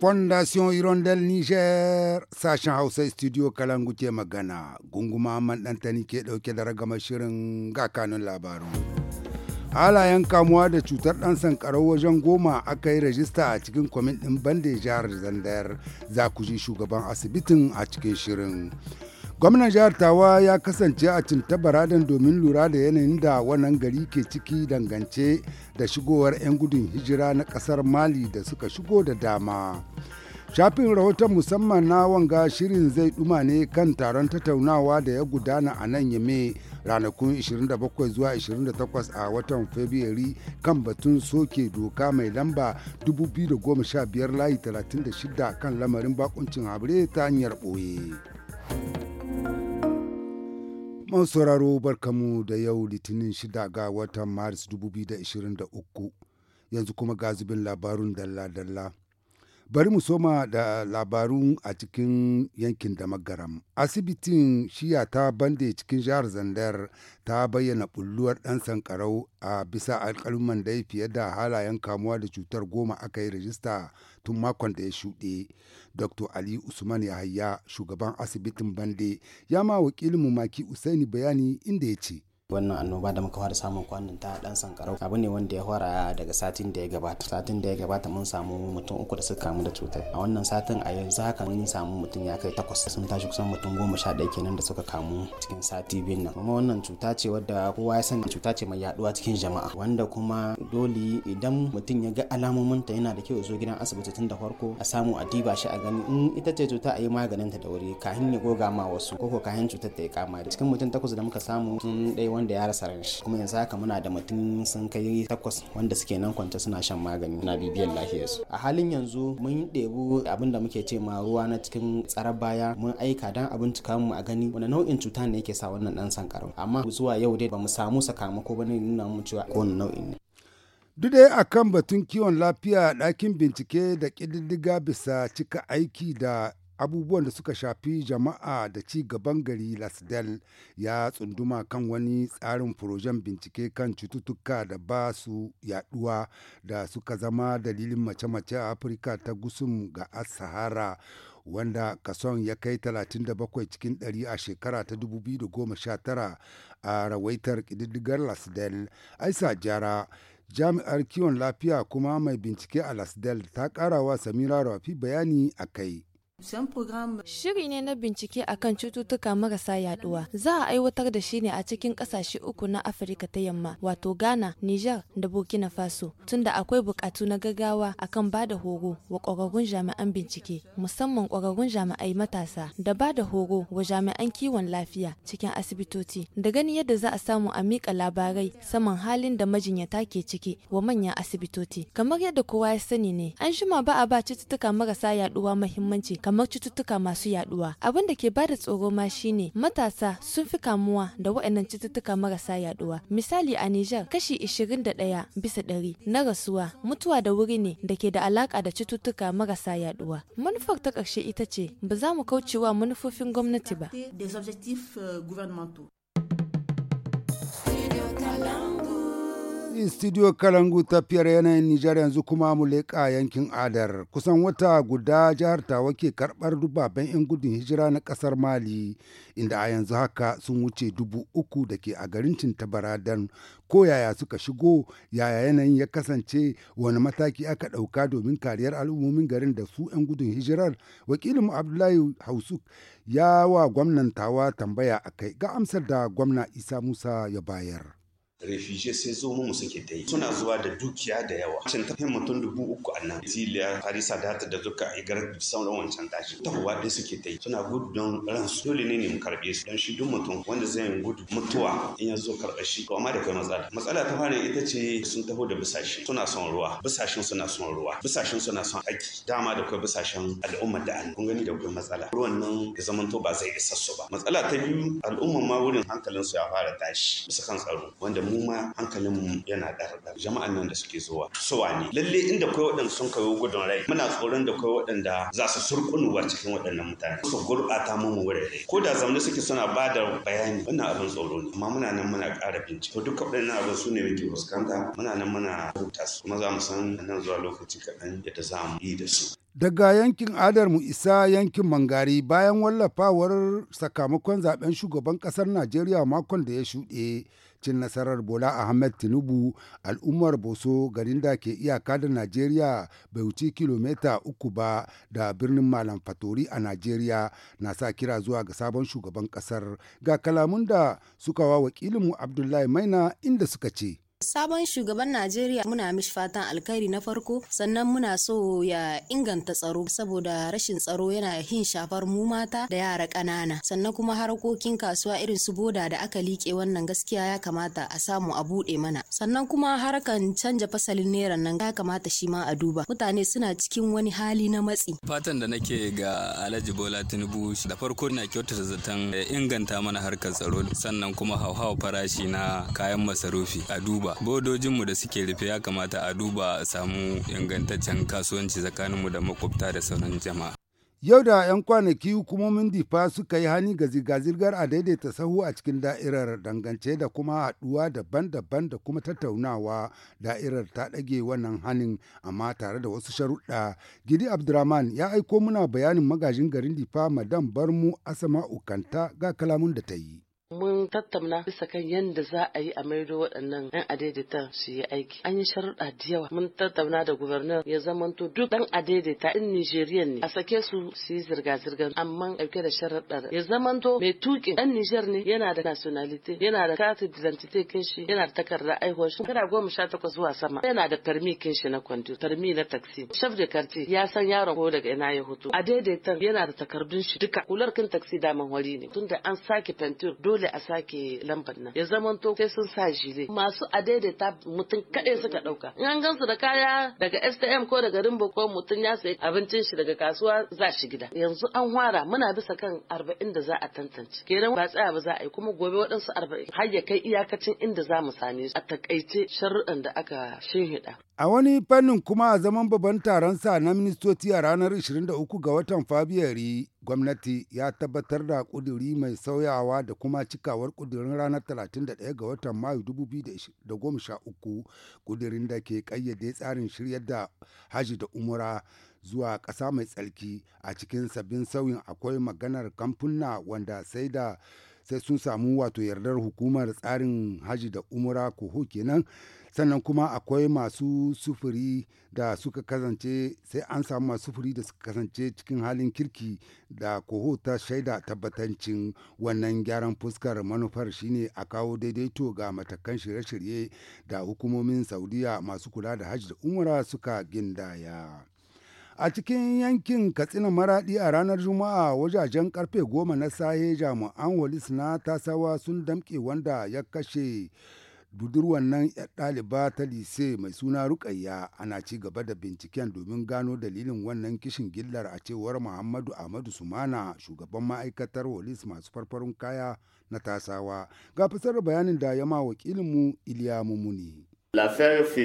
fondation hirondel niger sashen hausa studio kalangu magana gunguma maɗantani ke ɗauke da ragamar shirin ga kanun labaru halayen kamuwa da cutar ɗan sankarau wajen goma aka yi rajista a cikin kwamin ɗin jihar zandar za ku ji shugaban asibitin a cikin shirin gwamnan jihar tawa ya kasance a cintabaradin domin lura da yanayin da wannan gari ke ciki dangance da shigowar 'yan gudun hijira na kasar mali da suka shigo da dama shafin rahoton musamman na wanga shirin zai ɗuma ne kan taron tattaunawa da ya gudana a nan yame ranakun 27 zuwa 28 a watan fabrairu kan batun soke doka mai lamba 2015 layi 36 kan lamarin bakuncin habire ta hanyar ɓoye. Man sauraro barkamu da yau litinin shida ga watan Maris 2023 yanzu kuma ga labarun dalla-dalla. Bari mu soma da labarun a cikin yankin da magaram. Asibitin shiya ta bande cikin jihar Zandar ta bayyana bulluwar ɗan sankarau a bisa da ya fiye da halayen kamuwa da cutar goma aka yi rajista tun makon da ya shuɗe. Dr. Ali Usman Yahaya, shugaban asibitin bande, ya ma wakilin mu Maki Usaini bayani inda ya ce. wannan annoba da muka fara samun kwanan ta dan sankarau abu ne wanda ya fara daga satin da ya gabata satin da ya gabata mun samu mutum uku da suka kamu da cutar a wannan satin a yanzu haka mun samu mutum ya kai takwas sun tashi kusan mutum goma sha ɗaya kenan da suka kamu cikin sati biyun nan kuma wannan cuta ce wadda kowa ya sani cuta ce mai yaduwa cikin jama'a wanda kuma dole idan mutum ya ga alamomin ta yana da kyau zo gidan asibiti tun da farko a samu a diba shi a gani in ita ce cuta a yi maganin ta da wuri kahin ya goga ma wasu koko ko kahin cutar ta ya kama cikin mutum takwas da muka samu sun ɗaya wanda ya rasa ran shi kuma yanzu haka muna da mutum sun kai takwas wanda suke nan kwanta suna shan magani na bibiyar lafiyarsu a halin yanzu mun ɗebu abin da muke ce ma ruwa na cikin tsarar baya mun aika dan abin mu a gani wani nau'in cuta ne yake sa wannan dan sankarau amma zuwa yau dai mu samu sakamako bane nuna mu cewa ko nau'in ne Duk da a kan batun kiwon lafiya ɗakin bincike da ƙididdiga bisa cika aiki da abubuwan da suka shafi jama'a da ci gaban gari lasdel ya tsunduma kan wani tsarin furojen bincike kan cututtuka da ba su yaduwa da suka zama dalilin mace-mace a afirka ta gusum ga sahara wanda kason ya kai 37 cikin 100 a shekara ta 2019 a rawaitar ƙididdigar lasdel aisa jara jami'ar kiwon lafiya kuma mai bincike a lasdel ta karawa samira rafi bayani a kai Shiri ne na bincike akan cututtuka marasa yaduwa. Za a aiwatar da shi ne a cikin kasashe uku na Afirka ta Yamma, wato Ghana, Niger da Burkina Faso, tunda akwai bukatu na gaggawa akan ba da horo wa ƙwararrun jami'an bincike, musamman ƙwararrun jami'ai matasa, da ba da horo wa jami'an kiwon lafiya cikin asibitoci, da gani yadda za a samu a mika labarai saman halin da majinyata ke ciki wa manyan asibitoci. Kamar yadda kowa ya sani ne, an shima ba a ba cututtuka marasa yaduwa muhimmanci kamar cututtuka masu yaduwa abin da ke bada tsoro ma shine matasa sun fi kamuwa da waɗannan cututtuka marasa yaduwa misali a Niger kashi 21 bisa ɗari na rasuwa mutuwa da wuri ne da ke da alaka da cututtuka marasa yaduwa manufar ta ƙarshe ita ce ba za mu kaucewa manufofin gwamnati ba des objectifs euh, gouvernementaux. studio kalangu tafiyar yanayin nijar yanzu kuma mu leƙa yankin adar kusan wata guda jihar tawa ke karɓar dubaben 'yan gudun hijira na ƙasar mali inda a yanzu haka sun wuce dubu uku da ke a garin cintabaradan ko yaya suka shigo yaya yanayin ya kasance wani mataki aka ɗauka domin kariyar al'ummomin garin da su 'yan gudun hijirar wakilin abdullahi hausuk ya wa gwamnan tawa tambaya a kai ga amsar da gwamna isa musa ya bayar refugee sai zo mu suke ke suna zuwa da dukiya da yawa can ta kai mutum dubu uku a nan siliya harisa da ta da duka a igar sauran wancan ta kuwa ɗaya suke ta yi suna gudu don su dole ne ne mu karɓe su Dan shi duk mutum wanda zai gudu mutuwa in ya zo karɓa shi ko amma da kai matsala matsala ta fara ita ce sun taho da bisashe suna son ruwa bisashen suna son ruwa bisashen suna son aiki dama da kai bisashen al'ummar da an kun gani da kai matsala ruwan nan ya zamanto ba zai isa su ba matsala ta biyu al'ummar ma wurin hankalin su ya fara tashi bisa kan tsaro wanda mu mu ma hankalinmu yana ɗarɗa jama'an nan da suke zuwa suwa ne lalle inda kai waɗanda sun kawo gudun rai muna tsoron da kai waɗanda za su surkunuwa cikin waɗannan mutane su gurɓata mu rai ko da zamne suke suna ba da bayani wannan abin tsoro ne amma muna nan muna ƙara bincike duka waɗannan abin su ne muke fuskanta muna nan muna rubuta su kuma za mu san nan zuwa lokaci kaɗan yadda za mu yi da su daga yankin adar mu isa yankin mangari bayan wallafawar sakamakon zaben shugaban kasar najeriya makon da ya shuɗe cin nasarar bola ahmed tinubu al'ummar boso garin da ke iyaka da najeriya bai wuce kilomita uku ba da birnin malam fatori a najeriya na sa kira zuwa ga sabon shugaban kasar ga kalamun da suka wa wakilinmu abdullahi maina inda suka ce Sabon shugaban Najeriya muna mishi fatan alkhairi na farko sannan muna so ya inganta tsaro saboda rashin tsaro yana hin shafar mu mata da yara ƙanana sannan kuma harkokin kasuwa irin su boda da aka liƙe wannan gaskiya ya kamata a samu a buɗe mana sannan kuma harkan canja fasalin neran nan ya kamata shi ma a duba mutane suna cikin wani hali na matsi. Fatan da nake ga Alhaji Bola Tinubu da farko na kyautata zaton inganta mana harkar tsaro sannan kuma hauhawar farashi na kayan masarufi a duba duba bodojinmu da suke rufe ya kamata a duba a samu ingantaccen kasuwanci tsakaninmu da makwabta da sauran jama'a yau da 'yan kwanaki hukumomin difa suka yi hani ga zirga-zirgar a daidaita sahu a cikin da'irar dangance da kuma haɗuwa daban-daban da kuma tattaunawa da'irar ta ɗage wannan hanin amma tare da wasu sharuɗa gidi abdurrahman ya aiko muna bayanin magajin garin difa madam barmu asama ukanta ga kalamun da ta yi mun tattauna bisa kan yadda za a yi a maido waɗannan 'yan adaidaita su yi aiki an yi sharuɗa da yawa mun tattauna da gubernar ya zamanto duk ɗan adaidaita in nijeriya ne a sake su su yi zirga-zirga amma ɗauke da sharuɗa ya zamanto mai tuƙin ɗan nijar ne yana da nationalite. yana da katin identity kin shi yana da takarda aihuwar shi kana goma sha takwas zuwa sama yana da farmi kin shi na kwando farmi na taxi chef de quartier ya san yaron ko daga ina ya hoto adaidaitan yana da takardun shi duka kular kin taxi daman wari ne tunda an sake fentir dole a sake lambar nan ya zamanto sai sun sa jire masu adaidaita mutum kaɗai suka ɗauka in an gansu da kaya daga stm ko daga rimbo ko mutum ya sayi abincin shi daga kasuwa za shi gida yanzu an hwara muna bisa kan arba'in da za a tantance kenan ba tsaya ba za a yi kuma gobe waɗansu arba'in har ya kai iyakacin inda za mu same su a takaice sharuɗan da aka shinhiɗa. A wani fannin kuma a zaman babban taron sa na ministoci a ranar 23 ga watan Fabiyari Gwamnati ya tabbatar da kuduri mai sauyawa da kuma cikawar kudurin ranar 31 ga watan Mayu 2013 kudurin da ke ƙayyade tsarin shiryar da haji da umura zuwa ƙasa mai tsarki a cikin sabbin sauyin akwai maganar kamfuna wanda sai da sai sun samu wato yardar hukumar tsarin haji da umura koho kenan sannan kuma akwai masu sufuri da suka kasance sai an samu masu sufuri da suka kasance cikin halin kirki da koho ta shaida tabbatancin wannan gyaran fuskar manufar shine a kawo daidaito ga matakan shirye-shirye da hukumomin saudiya masu kula da hajji da umura suka gindaya. A cikin yankin Katsina Maraɗi a ranar Juma'a wajajen karfe goma na sahe jami'an walis na tasawa sun damke wanda ya kashe budurwan nan ɗaliba ta lise mai suna rukayya ana ci gaba da binciken domin gano dalilin wannan kishin gillar a cewar muhammadu ahmadu sumana shugaban ma'aikatar walis masu farfarin kaya na tasawa ga fasar bayanin da ya ma wakilinmu iliya mumuni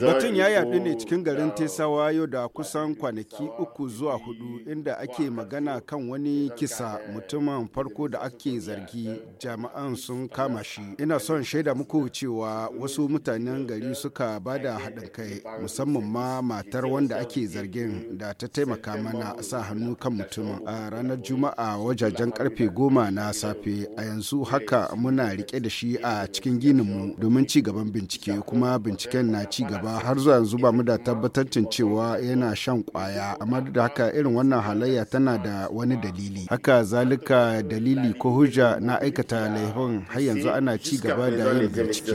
Batun ya yaɗu ne cikin garin Tesawa yau da kusan kwanaki uku zuwa hudu inda ake magana kan wani kisa mutumin farko da ake zargi jama'an sun kama shi. Ina son shaida muku cewa wasu mutanen gari suka bada haɗin kai musamman ma matar wanda ake zargin da ta taimaka mana sa hannu kan mutumin a ranar Juma'a wajajen karfe goma na safe a yanzu haka muna rike da shi a cikin ginin mu domin ci gaban bincike kuma bincike binciken na ci gaba har zuwa yanzu ba mu da tabbatancin cewa yana shan kwaya amma da haka irin wannan halayya tana da wani dalili haka zalika dalili ko hujja na aikata laifin har yanzu ana ci gaba da yin bincike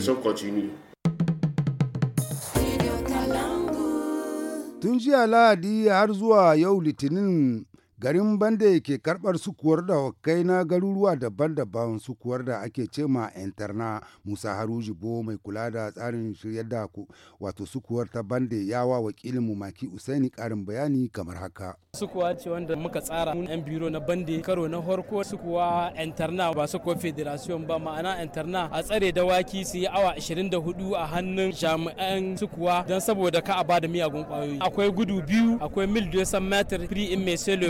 tun jiya lahadi har zuwa yau litinin Garin banda ke karbar sukuwar da kai na garuruwa daban-daban sukuwar da ake ce ma interna Musa Harujibo mai kula da tsarin shirya da wato sukuwar ta ya yawa wakilin mu Maki Usaini karin bayani kamar haka. Sukuwa ce wanda muka tsara mun yan biro na Bande karo na horko sukuwa interna ba sukuwa federation ba ma'ana interna a tsare waki su yi awa 24 a hannun jami'an sukuwa don saboda ka a bada miyagun kwayoyi. Akwai gudu biyu akwai mil 200 metres free in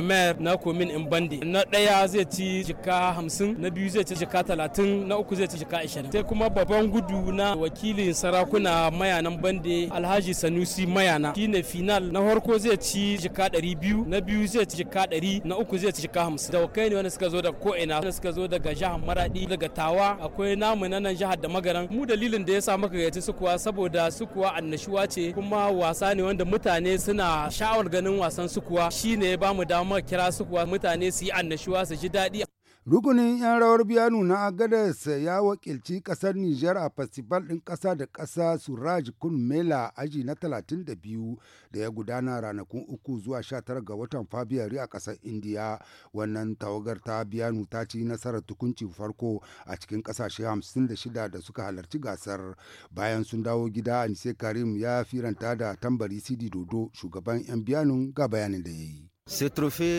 mai mayar na komin in bande. na ɗaya zai ci jika hamsin na biyu zai ci jika talatin na uku zai ci jika ashirin sai kuma babban gudu na wakilin sarakuna mayanan bande. alhaji sanusi mayana shine final na farko zai ci jika ɗari biyu na biyu zai ci jika ɗari na uku zai ci jika hamsin da wakai ne wanda suka zo da ko'ina wanda suka zo daga jihar maradi daga tawa akwai namu na nan jihar da magaran mu dalilin da ya sa maka gayyaci su kuwa saboda su kuwa annashuwa ce kuma wasa ne wanda mutane suna sha'awar ganin wasan su kuwa shine ya bamu damar kira su kuwa mutane su yi annashuwa su ji daɗi. Rukunin 'yan rawar biyanu na Agadez ya wakilci ƙasar Nijar a festival ɗin ƙasa da ƙasa Suraj Kun Mela aji na 32 da ya gudana ranakun uku zuwa 19 ga watan Fabiyari a ƙasar Indiya. Wannan tawagar ta biyanu ta ci nasarar tukunci farko a cikin ƙasashe 56 da suka halarci gasar. Bayan sun dawo gida, Anise Karim ya firanta da tambari Sidi Dodo shugaban 'yan biyanun ga bayanin da ya yi.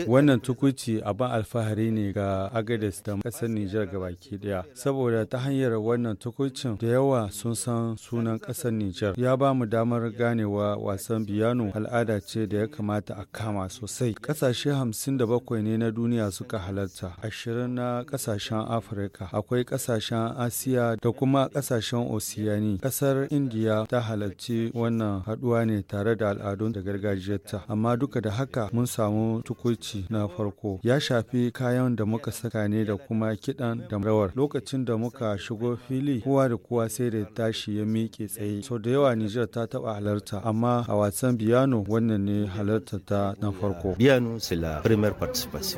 Wannan tukuci abin alfahari ne ga agadis da kasar Nijar baki daya. Saboda ta hanyar wannan tukucin da yawa sun san sunan kasar Nijar. Ya ba mu damar ganewa wasan biyano al'ada ce da ya kamata a kama sosai. Ƙasashe hamsin da bakwai ne na duniya suka halarta, ashirin na ƙasashen Afirka, akwai ƙasashen Asiya da kuma ƙasashen Osiyani. Ƙasar Indiya ta halarci wannan haɗuwa ne tare da al'adun da gargajiyarta. Amma duka da haka mun samu samu tukuci na farko ya shafi kayan da muka saka ne da kuma kiɗan da rawar lokacin da muka shigo fili kowa da kowa sai da tashi ya miƙe tsaye sau da yawa Nijar ta taɓa halarta amma a wasan biyano wannan ne halarta ta na farko. Biyano sila. la participation.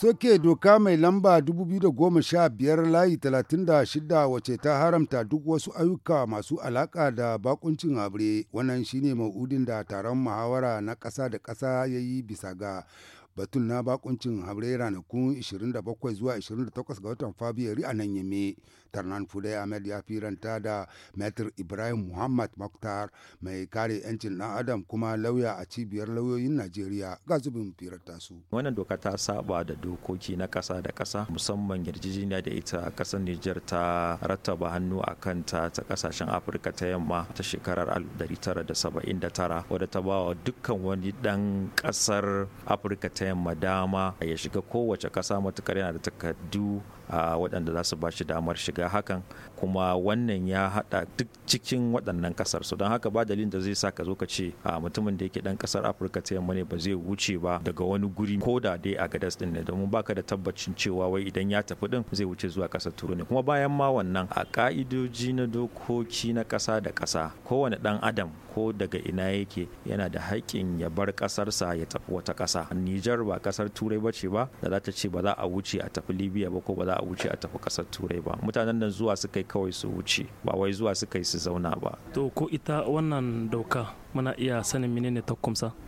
soke doka mai lamba 2015 layi 36 wace ta haramta duk wasu ayyuka masu alaka da bakuncin abre wannan shine ma'udin da taron muhawara na ƙasa da ƙasa ya yi bisa ga batun na bakuncin habre ranakun 27 zuwa 28 ga watan fabiyari a nan yame nan fudai amel ya firanta da metr ibrahim muhammad maktar mai kare 'yancin dan adam kuma lauya a cibiyar lauyoyin najeriya ga zubin firanta su wannan doka ta saba da dokoki na kasa da kasa musamman yarjejeniya da ita kasar niger ta rattaba hannu a kanta ta kasashen afirka ta yamma ta shekarar 1979 wadda ta bawa dukkan wani dan kasar afirka ta yamma dama ya shiga kowace kasa matukar yana da takardu waɗanda za su ba shi damar shiga hakan kuma wannan ya haɗa duk cikin waɗannan ƙasar su don haka ba dalilin da zai sa ka zo ka ce a mutumin da yake ɗan ƙasar afirka ta yamma ne ba zai wuce ba daga wani guri ko da dai a gadas ɗin ne domin baka da tabbacin cewa wai idan ya tafi ɗin zai wuce zuwa ƙasar turu ne kuma bayan ma wannan a ƙa'idoji na dokoki na ƙasa da ƙasa kowane ɗan adam ko daga ina yake yana da haƙƙin ya bar ƙasarsa ya tafi wata ƙasa nijar ba ƙasar turai ba ce ba da za ta ce ba za a wuce a tafi libya ba ko ba za a wuce a tafi kasar turai ba mutanen nan zuwa su kai kawai su wuce ba wai zuwa su kai su zauna ba to ko ita wannan dauka muna iya sanin menene ta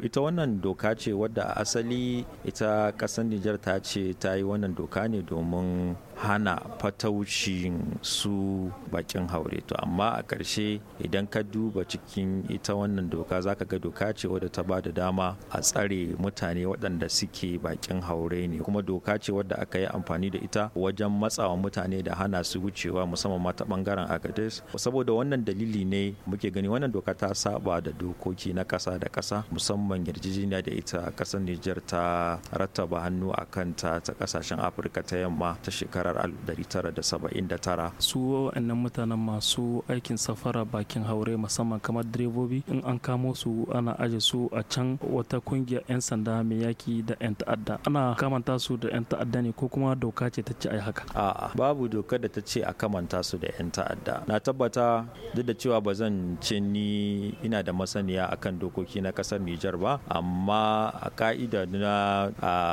ita wannan doka ce wadda a asali ita kasar Nijar ta ce ta yi wannan doka ne domin hana fataucin su bakin haure to amma a ƙarshe idan ka duba cikin ita wannan doka zaka ga doka ce wadda ta ba da dama a tsare mutane waɗanda suke bakin haure ne kuma doka ce wadda aka yi amfani da ita wajen matsawa mutane da hana su wucewa musamman mata ɓangaren bangaren agades saboda wannan dalili ne muke gani wannan doka ta saba da doka dokoki na ƙasa da ƙasa musamman yarjejeniya da ita ƙasar Nijar ta rattaba hannu a kanta ta ƙasashen Afirka ta yamma ta shekarar 1979. Su wa'annan mutanen masu aikin safara bakin haure musamman kamar direbobi in an kamo su ana aje su a can wata kungiyar 'yan sanda mai yaki da 'yan ta'adda ana kamanta su da 'yan ta'adda ne ko kuma doka ce ta ce ai haka a'a babu doka da ta ce a kamanta su da 'yan ta'adda na tabbata duk da cewa ba zan ce ni ina da masani masaniya akan dokoki na kasar Nijar ba amma a ka'ida na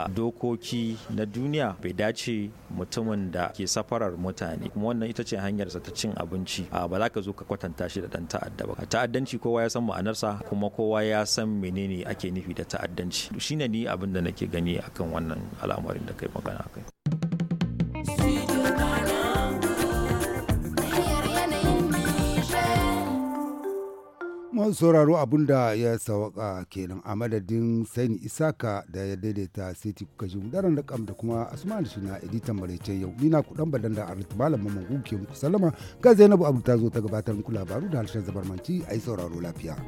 dokoki na duniya bai dace mutumin da ke safarar mutane kuma wannan ita ce hanyarsa ta cin abinci a ba za ka zo ka kwatanta shi da dan ta'adda ba ta'addanci kowa ya san ma'anarsa kuma kowa ya san menene ake nufi da ta'addanci shine ni abin da nake gani akan wannan al'amarin da kai magana kai. mun sauraro abun da ya sawaka kenan a madadin sani isaka da ya daidaita siti kuka ji daren da kam da kuma asman shi na editan maraice yau ni na kudan badan da arit malam mamman ke muku sallama ga zainabu abu ta zo ta gabatar muku labaru da harshen zabarmanci a yi sauraro lafiya.